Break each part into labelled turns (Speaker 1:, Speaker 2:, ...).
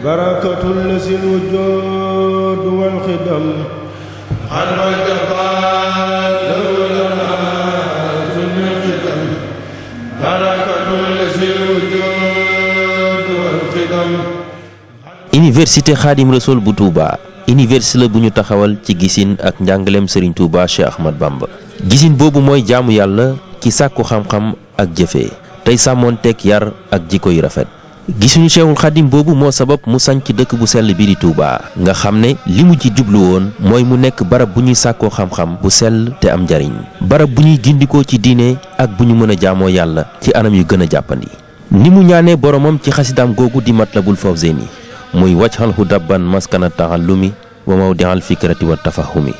Speaker 1: بركة الذي الوجود والخدم على bu Touba université la bu ñu taxawal ci gisin ak njàngaleem Serigne Touba Cheikh Ahmad Bamba gisin boobu mooy jaamu yàlla ci sàkku xam-xam ak jëfe tey sàmmoon tekk yar ak jikko yu rafet gisuñu Cheikhul Khadim boobu moo sabab mu sanc dëkk bu sell bi di Touba nga xam ne li mu ci jublu woon mooy mu nekk barab bu ñuy sàkkoo xam-xam bu sell te am njariñ barab bu ñuy gindikoo ci diine ak bu ñu mën a jaamoo yàlla ci anam yu gën a jàppandi ni mu ñaanee boromam ci xasidaam googu di Matlabul Fawzeyni muy wajhal hudabban maskana taallumi wa mawdial fikrati wa tafahumi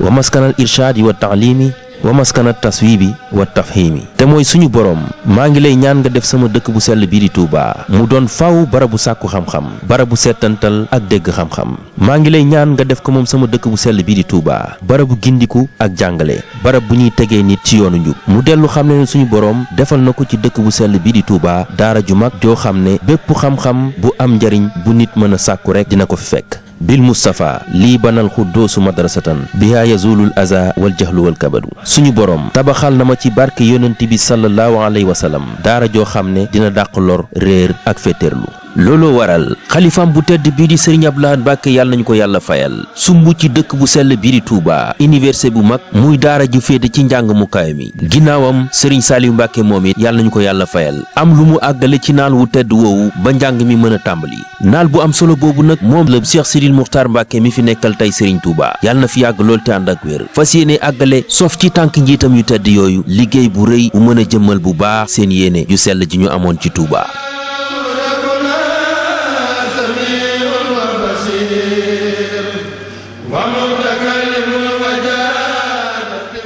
Speaker 1: wa maskanal irshadi wa taalimi wa maskana taswibi wa tafhimi te mooy suñu borom maa ngi lay ñaan nga def sama dëkk bu sell bii di Touba mu doon faaw barabu sàkku xam-xam bu seetantal ak dégg xam-xam maa ngi lay ñaan nga def ko moom sama dëkk bu sell bii di Touba barabu gindiku ak jàngale barab bu ñuy tegee nit ci yoonu njub mu dellu xam ne suñu borom defal na ko ci dëkk bu sell bii di Touba daara ju mag joo xam ne bépp xam-xam bu am njariñ bu nit mën a sàkku rek dina ko fi fekk bil mustafa lii banal xuddoosu madrasatan bihaa yazulul aza wal jahlu wal kabadu suñu borom tabaxal na ma ci barke yonent bi sallallahu alayhi wa sallam daara joo xam ne dina dàq lor réer ak féetéerlu looloo waral xalifaam bu tedd bii di sëriñ Abdou Lahad Mbàkke yàlla nañu ko yàlla fayal sumb ci dëkk bu sell bii di Touba université bu mag muy daara ji féete ci njàng mu kaay mi ginnaawam sëriñ Saaliw Mbàkke moom it yàlla nañu ko yàlla fayal am lu mu àggale ci naal wu tedd woowu ba njàng mi mën a tàmbali naal bu am solo boobu nag moom la Cheikh Sidil Muxtaar Mbàkke mi fi nekkal tey sëriñ Touba yàlla na fi yàgg lool te ànd ak wér fas yéene àggale sof ci tànk njiitam yu tedd yooyu liggéey bu rëy mën a jëmmal bu baax seen yéene yu sell ji ñu amoon ci Touba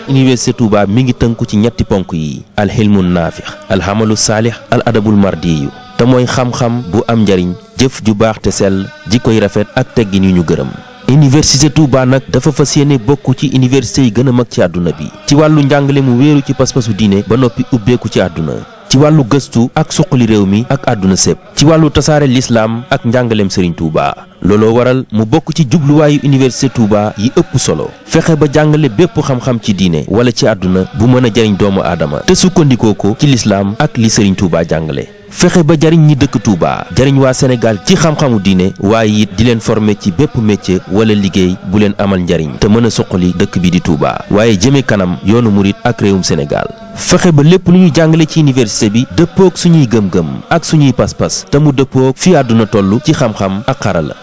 Speaker 1: université Touba mi ngi tënku ci ñetti ponk yi alxilmu naafix alxamalu saalix al adabul mardiyu te mooy xam-xam bu am njariñ jëf ju baax te sell koy rafet ak teggin yu ñu gërëm université Touba nag dafa fas yéene bokk ci université yi gën a mag ci àdduna bi ci wàllu njàngale mu wéeru ci pas-pasu diine ba noppi ubbeeku ci àdduna ci wàllu gëstu ak suqali réew mi ak àdduna sépp ci wàllu tasaare lislaam ak njàngaleem Serigne Touba looloo waral mu bokk ci jubluwaayu université Touba yi ëpp solo fexe ba jàngale bépp xam-xam ci diine wala ci àdduna bu mën a jariñ doomu aadama te sukkandikoo ko ci lislaam ak li Serigne Touba jàngale fexe ba jariñ ñi dëkk Touba jariñ waa Sénégal ci xam-xamu diine waaye it di leen former ci bépp métier wala liggéey bu leen amal njariñ te mën a suqali dëkk bi di Touba waaye jëme kanam yoonu murit ak réewum Sénégal fexe ba lépp lu ñu jàngale ci université bi dëppoog suñuy gëm-gëm ak suñuy pas-pas te mu dëppoog fi àdduna toll ci xam-xam ak xarala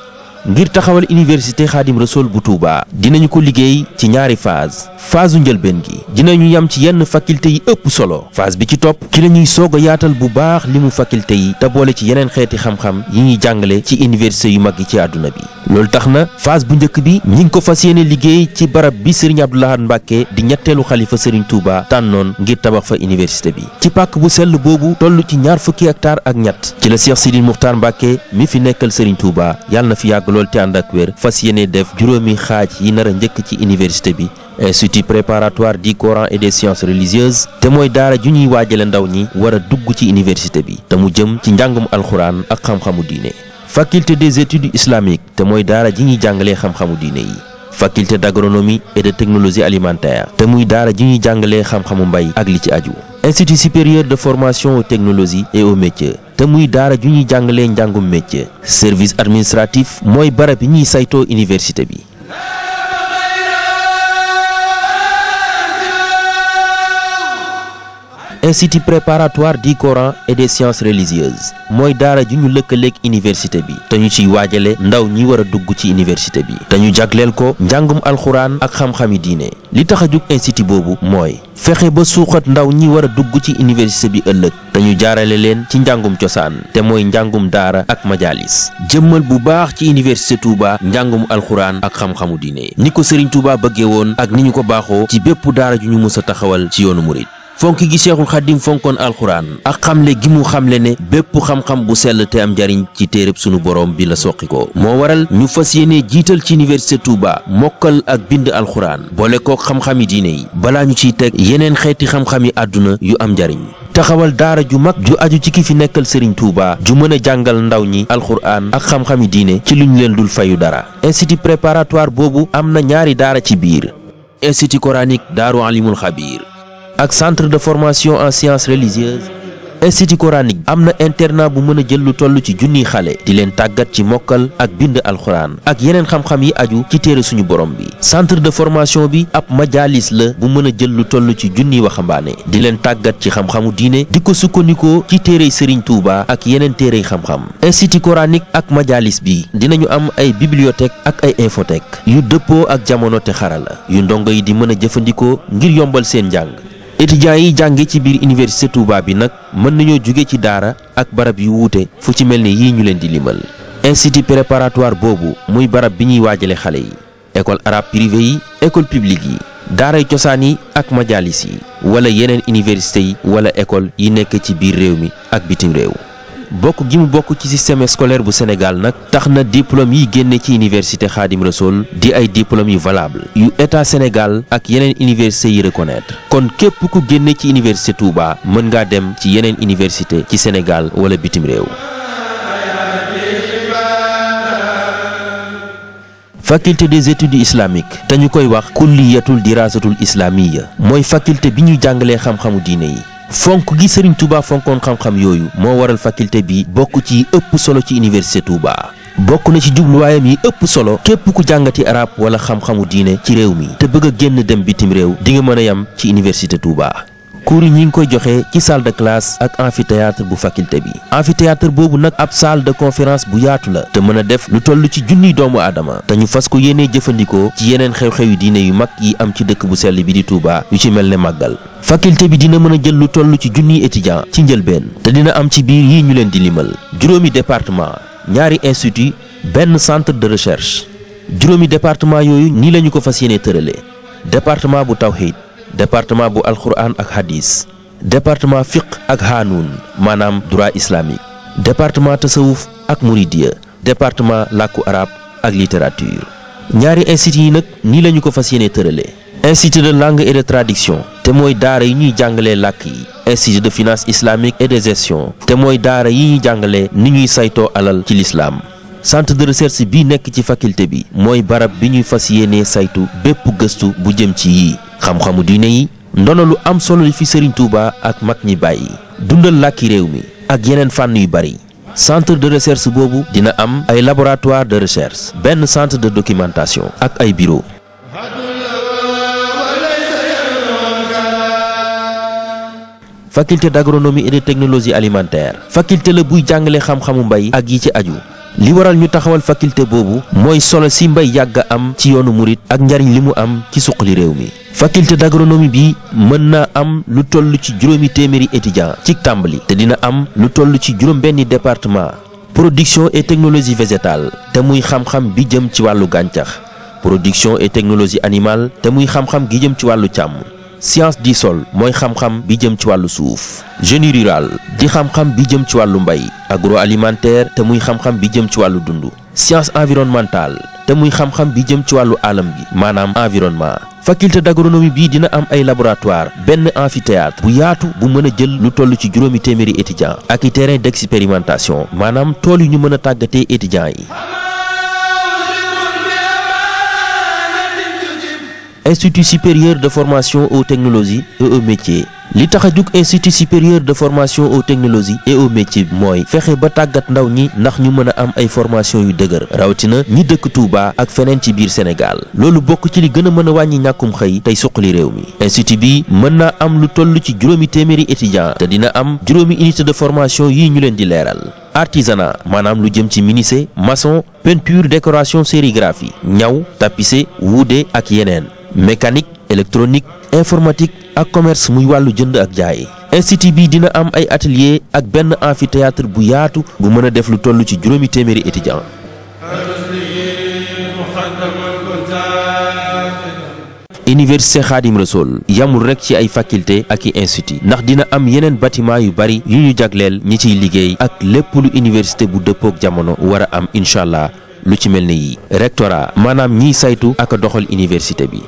Speaker 1: ngir taxawal université xaadim rasool bu Touba dinañu ko liggéey ci ñaari phase phase njëlbeen gi dinañu yam ci yenn faculté yi ëpp solo phase bi ci topp ci la ñuy soog a yaatal bu baax limu faculté yi te boole ci yeneen xeeti xam-xam yi ñuy jàngale ci université yu mag yi ci àdduna bi loolu tax na phase bu njëkk bi ñi ngi ko fas yéene liggéey ci barab bi sëriñ Abdou Lahad di ñetteelu xalifa sëriñ Touba tànnoon ngir tabax fa université bi ci pàkk bu sell boobu toll ci ñaar fukki hectare ak ñett ci la Cheikh Sidi Moukhtar Mbacke mi fi nekkal sëriñ Touba yàlla na fi yàgg loolu te ànd ak wer fas yéene def juróomi xaaj yi nar njëkk ci université bi institut préparatoire di Coran et des sciences religieuses te mooy daara ju ñuy waajale ndaw ñi war a dugg ci université bi te mu jëm ci njàngum alxuraan ak xam-xamu diine faculté des études islamiques te mooy daara ji ñuy jàngalee xam-xamu diine yi faculté d'agronomie et de technologie alimentaire te muy daara ji ñuy jàngalee xamxamu mbay ak li ci aju institut supérieur de formation aux technologies et aux métiers te muy daara ji ñuy jàngalee njàngum métier service administratif mooy barab yi ñuy saytoo université bi institut préparatoire di Coran et des sciences religieuses mooy daara ju ñu lëkkaleek université bi te ñu waajale ndaw ñi war a dugg ci université bi te ñu jagleel ko njàngum alxuraan ak xam-xami diine li tax a jug institut boobu mooy fexe ba suuxat ndaw ñi war a dugg ci université bi ëllëg te ñu jaarale leen ci njàngum cosaan te mooy njàngum daara ak majalis jëmmal bu baax ci université Touba njàngum alxuraan ak xam-xamu diine ni ko Serigne Touba bëggee woon ak ni ñu ko baaxoo ci bépp daara ju ñu mës a taxawal ci yoonu murit fonk gi seexul xaddim fonkoon alxuraan ak xam xamle gi mu xamle ne bépp xam-xam bu sell te am njariñ ci téereb sunu borom bi la soqi ko moo waral ñu fas yéene jiital ci université Touba mokkal ak bind alxuraan boole kook xam-xami diine yi balaa ñu ciy teg yeneen xeeti xam-xami àdduna yu am njariñ taxawal daara ju mag ju aju ci ki fi nekkal Serigne Touba ju mën a jàngal ndaw ñi alxuraan ak xam-xami diine ci luñ leen dul fayu dara institut préparatoire boobu am na ñaari daara ci biir institut coranique daaru alimul xabiir ak centre de formation en sciences religieuses institut coranique am na internat bu mën a jël lu toll ci junniy xale di leen tàggat ci mokkal ak bind alxuraan ak yeneen xam-xam yi aju ci téere suñu borom bi centre de formation bi ab majalis la bu mën a jël lu toll ci junniy waxambaane di leen tàggat ci xam-xamu diine di ko sukkandikoo ci téerey sëriñ Touba ak yeneen téere xam-xam institut coranique ak majalis bi dinañu am ay bibliothèque ak ay infothèque yu dëppoo ak jamono te xarala yu ndongo yi di mën a jëfandikoo ngir yombal seen njàng étudiants yi jànge ci biir université Touba bi nag mën nañoo jóge ci daara ak barab yu wuute fu ci mel ni yii ñu leen di limal institut préparatoire boobu muy barab bi ñuy waajale xale yi école arabe privée yi école publique yi daaray cosaan yi ak majalis yi wala yeneen université yi wala école yi nekk ci biir réew mi ak bitim réew bokk gi mu bokk ci système scolaire bu Sénégal nag tax na diplôme yi génne ci université Khadim Rassoul di ay diplôme yu valable yu état Sénégal ak yeneen université yi reconnaître kon képp ku génne ci université Touba mën ngaa dem ci yeneen université ci Sénégal wala bitim réew. faculté des études islamiques te ñu koy wax kulliyatul dirasatul islamiya mooy faculté bi ñu jàngalee xam-xamu diine yi. fonk gi Serigne Touba fonkoon xam-xam yooyu moo waral faculté bi bokk ci ëpp solo ci université Touba bokk na ci jubluwaayam yi ëpp solo képp ku jàngati araab wala xam-xamu diine ci réew mi te bëgg a génn dem bitim réew di nga mën a yam ci université Touba. cours yi ñi ngi koy joxe ci salle de classe ak amphithéâtre bu faculté bi amphithéâtre boobu nag ab salle de conférence bu yaatu la te mën a def lu toll ci junniy doomu aadama dañu fas ko yéenee jëfandikoo ci yeneen xew-xew yu diine yu mag yi am ci dëkk bu sell bi di Touba yu ci mel ne màggal faculté bi dina mën a jël lu toll ci junniy étudiant ci njëlbeen te dina am ci biir yi ñu leen di limal juróomi département ñaari institut benn centre de recherche juróomi département yooyu nii lañu ko fas yéene tërale département bu tawhid département bu alquran ak hadis département fiq ak hanuun maanaam droit islamique département tasawuf ak muridiya département làkku arab ak littérature ñaari institut yi nag nii lañu ko fas yéene tëralee institut de langue et de traduction te mooy daara yi ñuy jàngalee làkk yi institut de finance islamique et de gestion te mooy daara yi ñuy jàngalee ni ñuy saytoo alal ci lislaam centre de bi nekk ci faculté bi mooy barab bi ñuy fas yéene saytu bépp gëstu bu jëm ci xam-xamu diine yi ndono lu am solo li fi Serigne Touba ak mag ñi bàyyi dundal làkki réew mi ak yeneen fànn yu bari centre de recherche boobu dina am ay laboratoire de recherche benn centre de documentation ak ay bureau faculté d' agronomie et de technologie alimentaire faculté la buy jàngale xamxamu mbay ak yi ci aju li waral ñu taxawal faculté boobu mooy solo si mbay yàgg am ci yoonu murit ak njariñ li mu am ci suqali réew mi faculté d'agronomie bi mën na am lu toll ci juróomi téeméeri étudiant ci tàmbali te dina am lu toll ci juróom benni département production et technologie végétale te muy xam-xam bi jëm ci wàllu gàncax production et technologie animale te muy xam-xam gi jëm ci wàllu càmm science di sol mooy xam-xam bi jëm ci wàllu suuf génie rural di xam-xam bi jëm ci wàllu mbay agroalimentaire te muy xam-xam bi jëm ci wàllu dund science environnementale te muy xam-xam bi jëm ci wàllu alam bi maanaam environnement faculté d'agronomie bii dina am ay laboratoire benn amphithéâtre bu yaatu bu mën a jël lu toll ci juróomi téeméeri étudiant ak i terrain d'expérimentation maanaam tool yu ñu mën a tàggatee étudiants yi institu supérieur de formation aux technologies et li tax a jug institut supérieur de formation aux technologies et aux mooy fexe ba tàggat ndaw ñi ndax ñu mën a am ay formation yu dëgër rawatina ñi dëkk Touba ak feneen ci biir Sénégal loolu bokk ci li gën a mën a wàññi ñàkkum xëy tey suqali réew mi institut bi mën naa am lu toll ci juróomi téeméeri étudiant te dina am juróomi unité de formation yi ñu leen di leeral artisanat maanaam lu jëm ci menuisier maçon peinture décoration sérigraphie ñaw tapissier wuude ak yeneen mécanique électronique informatique ak commerce muy wàllu jënd ak jaay institut bii dina am ay atelier ak benn amphithéâtre bu yaatu bu mën a def lu toll ci juróomi téeméeri étudiant université Khadim Rassoul yamul rek ci ay faculté ak i institut ndax dina am yeneen bâtiment yu bari yu ñu jagleel ñi ciy liggéey ak lépp lu université bu dëppook jamono war a am incha allah lu ci mel ni yii rectorat maanaam ñiy saytu ak doxal université bi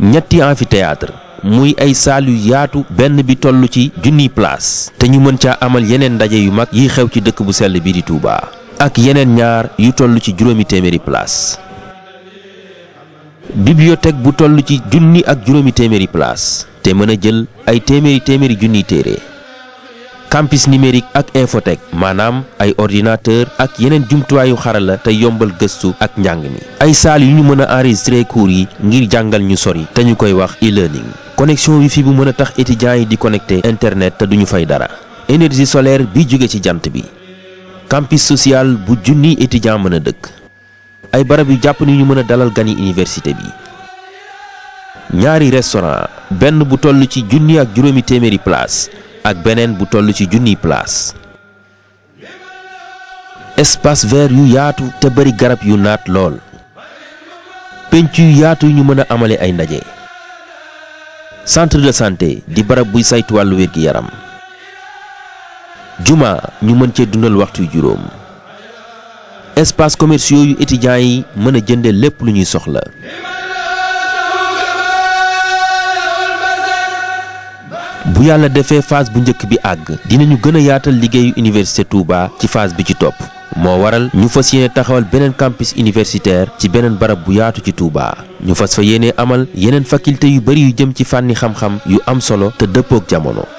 Speaker 1: ñetti amphithéâtre muy ay saal yu yaatu benn bi toll ci junniy place te ñu mën caa amal yeneen ndaje yu mag yi xew ci dëkk bu sell bi di Touba ak yeneen ñaar yu toll ci juróomi téeméeri place bibliothèque bu toll ci junni ak juróomi téeméeri place te mën a jël ay téeméeri téeméeri junniy téere campus numérique ak infotech maanaam ay ordinateur ak yeneen jumtuwaayu xarala te yombal gëstu ak njàng mi ay saal yu ñu mën a enregistrer cours yi ngir jàngal ñu sori te ñu koy wax e-learning connexion wifi bu mën a tax étudiants yi di connecté internet te duñu fay dara énergie solaire bi jóge ci jant bi campus social bu junniy étudiant mën a dëkk ay barab yu jàpp ni ñu mën a dalal gani université bi ñaari restaurant benn bu toll ci junni ak juróomi téeméeri place ak beneen bu ci junniy place espace vert yu yaatu te bari garab yu naat lool penc yu yaatu yu ñu mën a amale ay ndaje centre de santé di barab buy saytu wàllu wérgi yaram juma ñu mën cee dundal waxtu yu juróom espace commerciaux yu étudiants yi mën a jënde lépp lu ñuy soxla bu yàlla defee phase bu njëkk bi àgg dinañu gën a yaatal liggéeyu université Touba ci phase bi ci topp moo waral ñu fas yéene taxawal beneen campus universitaire ci beneen barab bu yaatu ci Touba ñu fas fa yéene amal yeneen faculté yu bari yu jëm ci fànni xam-xam yu am solo te dëppook jamono.